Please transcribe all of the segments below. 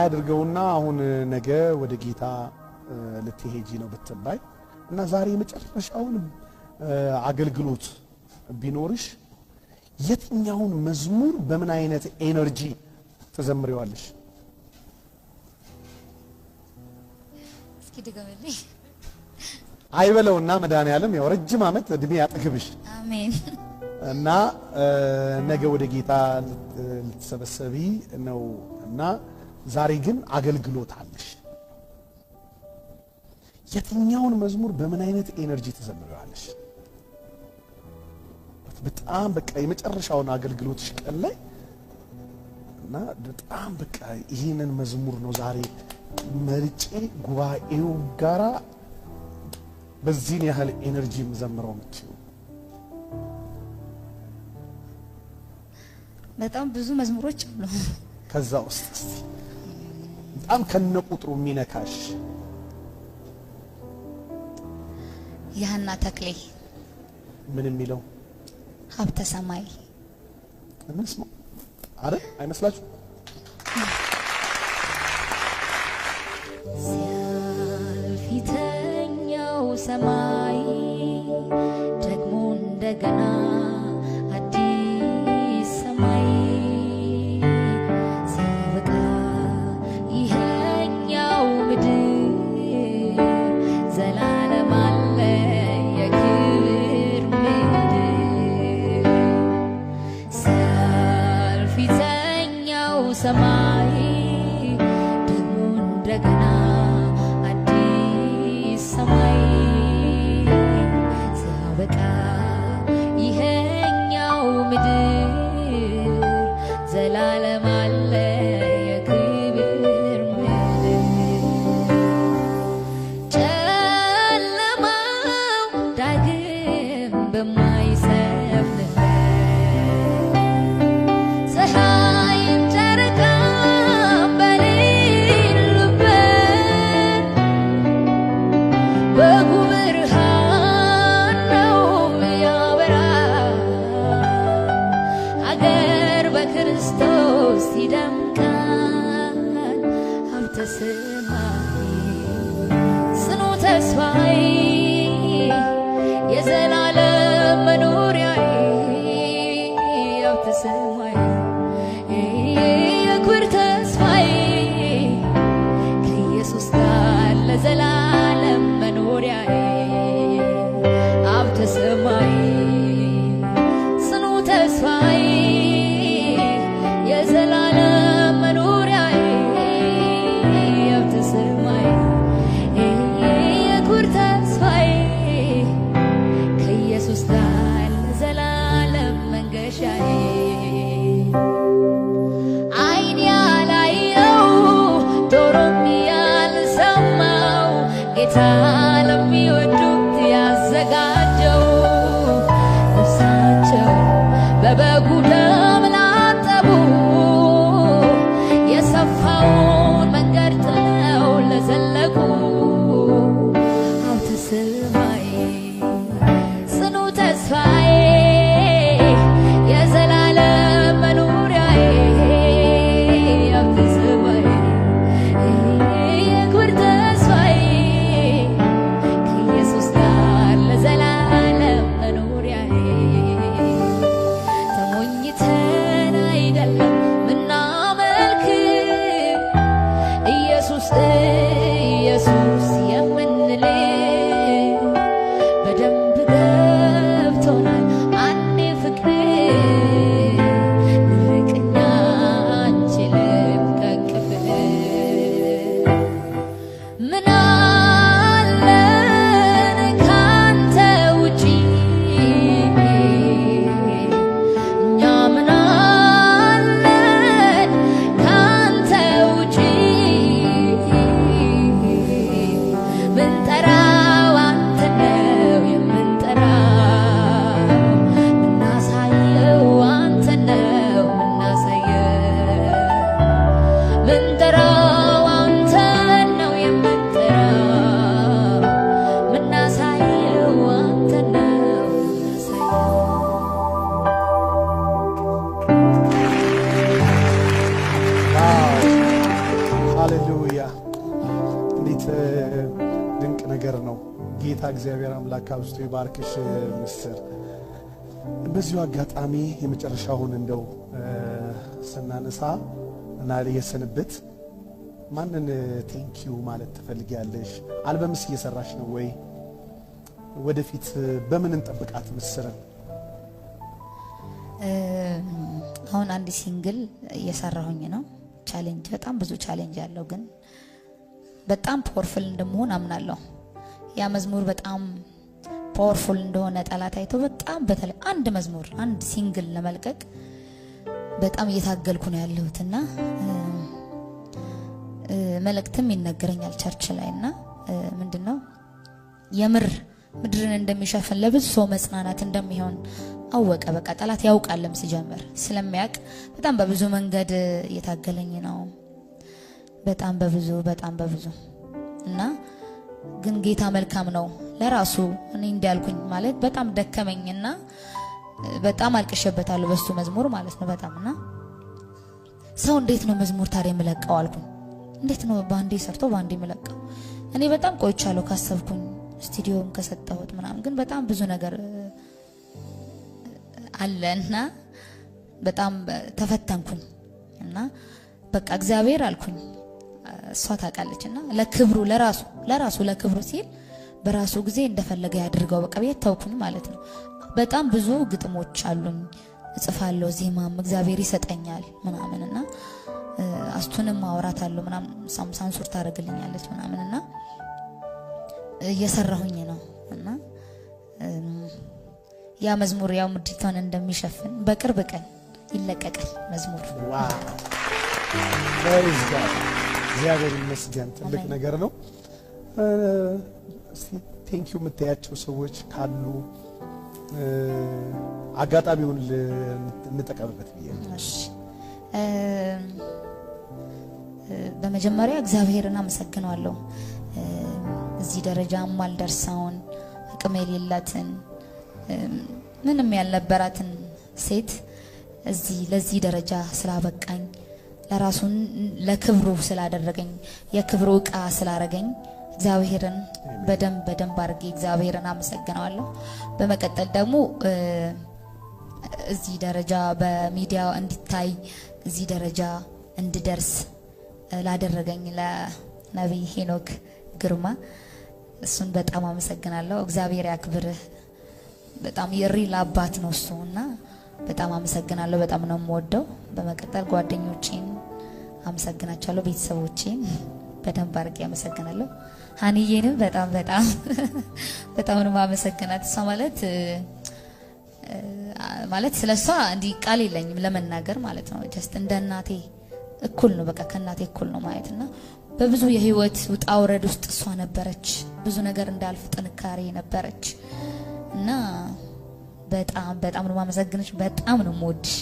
አያድርገውና አሁን ነገ ወደ ጌታ ልትሄጂ ነው ብትባይ እና ዛሬ የመጨረሻውን አገልግሎት ቢኖርሽ የትኛውን መዝሙር በምን አይነት ኤነርጂ ትዘምሪዋለሽ? አይበለውና መድኃኔዓለም ያው ረጅም ዓመት እድሜ ያጠግብሽ እና ነገ ወደ ጌታ ልትሰበሰቢ ነው እና ዛሬ ግን አገልግሎት አለሽ። የትኛውን መዝሙር በምን አይነት ኤነርጂ ትዘምረዋለሽ? በጣም በቃ የመጨረሻውን አገልግሎትሽ ቀን ላይ እና በጣም በቃ ይህንን መዝሙር ነው ዛሬ መርጬ ጉባኤው ጋራ በዚህን ያህል ኤነርጂ የምዘምረው ምችው። በጣም ብዙ መዝሙሮች አሉ። ከዛ ውስጥ በጣም ከነቁጥሩ የሚነካሽ የሀና ተክሌ ምን የሚለው ሀብተ ሰማይ እንስ አረ አይመስላችሁ? ሲያልፍ ሰማይ ደግሞ እንደገና በቃ ይሄኛው ምድር ዘላለም አለ የክብር ምድር ጨለማው ዳግም በማይሰፍንበት ፀሐይን ጨረቃ በሌሉበት በጉ ሲደምቀን አንተ ስማኝ ጽኑ ተስፋዬ た ጌታ እግዚአብሔር አምላክ ውስጡ ይባርክሽ ምስር። በዚሁ አጋጣሚ የመጨረሻውን እንደው ስናነሳ እና የስንብት ማንን ቴንኪዩ ማለት ትፈልጊያለሽ? አልበምስ እየሰራሽ ነው ወይ? ወደፊት በምን እንጠብቃት ምስርን? አሁን አንድ ሲንግል እየሰራሁኝ ነው። ቻሌንጅ በጣም ብዙ ቻሌንጅ አለው፣ ግን በጣም ፖወርፉል እንደመሆን አምናለሁ። ያ መዝሙር በጣም ፓወርፉል እንደሆነ ጠላት አይቶ በጣም በተለይ አንድ መዝሙር አንድ ሲንግል ለመልቀቅ በጣም እየታገልኩ ነው ያለሁት እና መልእክትም ይነገረኛል ቸርች ላይ እና ምንድን ነው የምር ምድርን እንደሚሸፍን ለብዙ ሰው መጽናናት እንደሚሆን አወቀ። በቃ ጠላት ያውቃለም ሲጀምር ስለሚያውቅ በጣም በብዙ መንገድ እየታገለኝ ነው። በጣም በብዙ በጣም በብዙ እና ግን ጌታ መልካም ነው። ለራሱ እኔ እንዲያልኩኝ ማለት በጣም ደከመኝና በጣም አልቅሸበታለሁ በሱ መዝሙር ማለት ነው። በጣም እና ሰው እንዴት ነው መዝሙር ታዲያ የምለቀው አልኩኝ። እንዴት ነው በአንዴ ሰርቶ በአንዴ የምለቀው? እኔ በጣም ቆይቻለሁ ካሰብኩኝ ስቱዲዮም ከሰጠሁት ምናምን፣ ግን በጣም ብዙ ነገር አለ እና በጣም ተፈተንኩኝ እና በቃ እግዚአብሔር አልኩኝ እሷ ታውቃለች። እና ለክብሩ ለራሱ ለራሱ ለክብሩ ሲል በራሱ ጊዜ እንደፈለገ ያድርገው። በቃ ቤት ማለት ነው። በጣም ብዙ ግጥሞች አሉኝ እጽፋለሁ፣ ዜማም እግዚአብሔር ይሰጠኛል ምናምን እና አስቱንም ማውራት አለሁ ምናምን ሳንሱር ታደርግልኛለች ምናምን እና እየሰራሁኝ ነው እና ያ መዝሙር ያው ምድሪቷን እንደሚሸፍን በቅርብ ቀን ይለቀቃል መዝሙር እግዚአብሔር ይመስገን ትልቅ ነገር ነው። ቴንኪዩ የምታያቸው ሰዎች ካሉ አጋጣሚውን እንጠቀምበት ብዬ በመጀመሪያ እግዚአብሔርን አመሰግነዋለሁ። እዚህ ደረጃ ማልደርሰውን አቅም የሌላትን ምንም ያልነበራትን ሴት እዚህ ለዚህ ደረጃ ስላበቃኝ ለራሱን ለክብሩ ስላደረገኝ የክብሩ እቃ ስላረገኝ እግዚአብሔርን በደንብ በደንብ አድርጌ እግዚአብሔርን አመሰግነዋለሁ። በመቀጠል ደግሞ እዚህ ደረጃ በሚዲያ እንዲታይ እዚህ ደረጃ እንድደርስ ላደረገኝ ለነቢይ ሄኖክ ግርማ እሱን በጣም አመሰግናለሁ። እግዚአብሔር ያክብርህ። በጣም የሪል አባት ነው እሱ እና በጣም አመሰግናለሁ። በጣም ነው የምወደው። በመቀጠል ጓደኞቼን አመሰግናቸዋለሁ። ቤተሰቦቼን በደንብ አድርጌ አመሰግናለሁ። ሀኒዬንም በጣም በጣም በጣም ነው ማመሰግናት። እሷ ማለት ማለት ስለ እሷ እንዲህ ቃል የለኝም ለመናገር ማለት ነው። ጀስት እንደ እናቴ እኩል ነው፣ በቃ ከእናቴ እኩል ነው ማለት እና በብዙ የህይወት ውጣ ውረድ ውስጥ እሷ ነበረች። ብዙ ነገር እንዳልፍ ጥንካሬ ነበረች እና በጣም በጣም ነው ማመሰግንሽ። በጣም ነው የምወድሽ።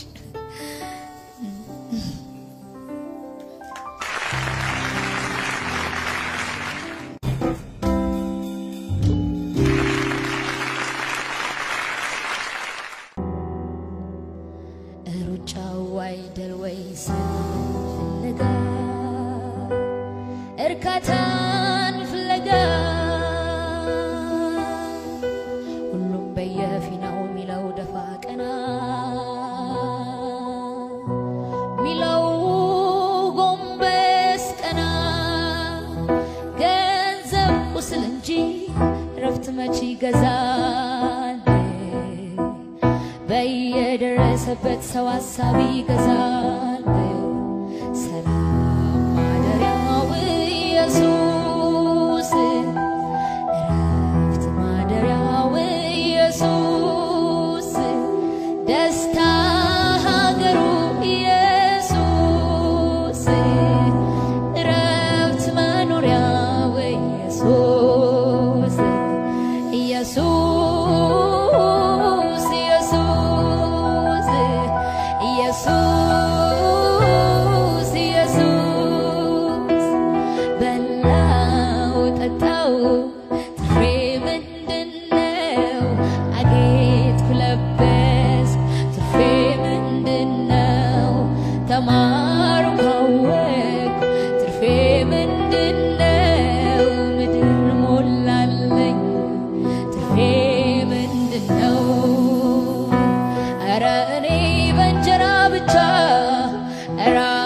love each other.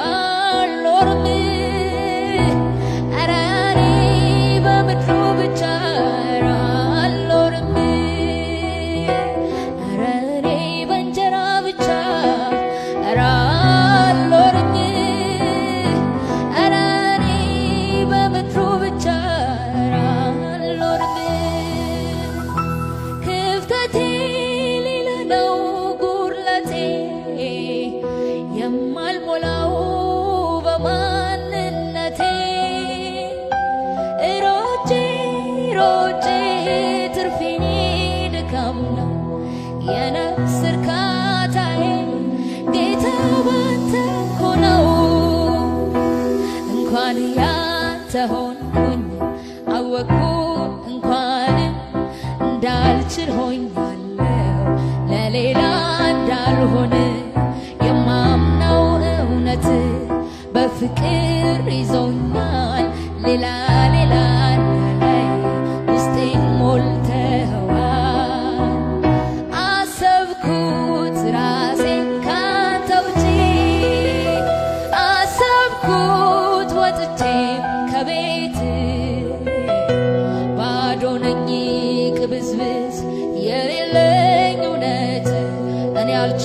እንዳልሆነ የማምነው እውነት በፍቅር ይዞኝ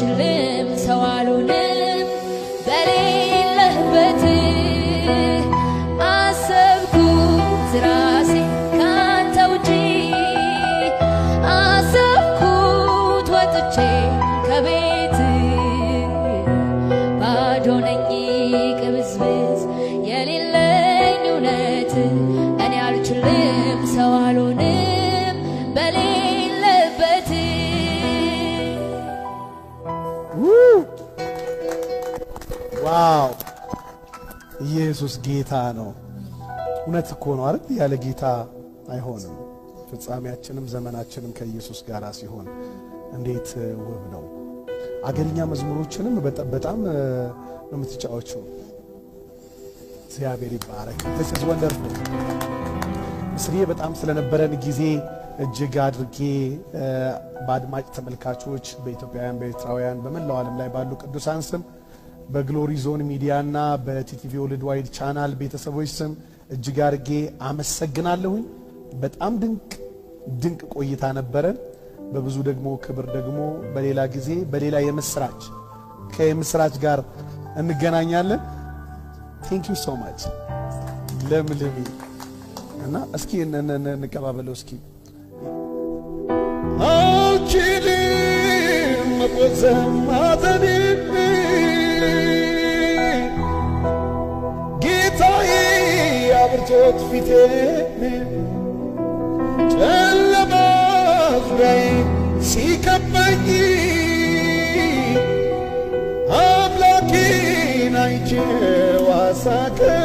let you live. ኢየሱስ ጌታ ነው። እውነት እኮ ነው አይደል? ያለ ጌታ አይሆንም። ፍጻሜያችንም ዘመናችንም ከኢየሱስ ጋር ሲሆን እንዴት ውብ ነው። አገርኛ መዝሙሮችንም በጣም ነው የምትጫወችው። እግዚአብሔር ይባረክ። ዚስ ኢዝ ወንደርፉል። ምስሌ በጣም ስለነበረን ጊዜ እጅግ አድርጌ በአድማጭ ተመልካቾች፣ በኢትዮጵያውያን፣ በኤርትራውያን፣ በመላው ዓለም ላይ ባሉ ቅዱሳን ስም በግሎሪ ዞን ሚዲያና በቲቲቪ ወልድ ዋይድ ቻናል ቤተሰቦች ስም እጅግ አርጌ አመሰግናለሁኝ። በጣም ድንቅ ድንቅ ቆይታ ነበረን። በብዙ ደግሞ ክብር ደግሞ በሌላ ጊዜ በሌላ የምስራች ከየምስራች ጋር እንገናኛለን። ቴንክ ዩ ሶ ማች ለምልሚ እና እስኪ እንቀባበለው እስኪ አውችልም መቆዘም ማዘኔ አየሁት ፊትን ጨለማ ዙሪያዬ ሲከበኝ አምላኬን አይቼ ዋሳከ